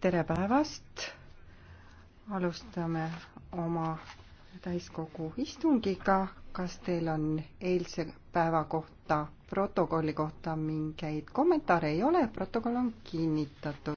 tere päevast! alustame oma täiskogu istungiga. kas teil on eilse päeva kohta, protokolli kohta mingeid kommentaare? ei ole, protokoll on kinnitatud.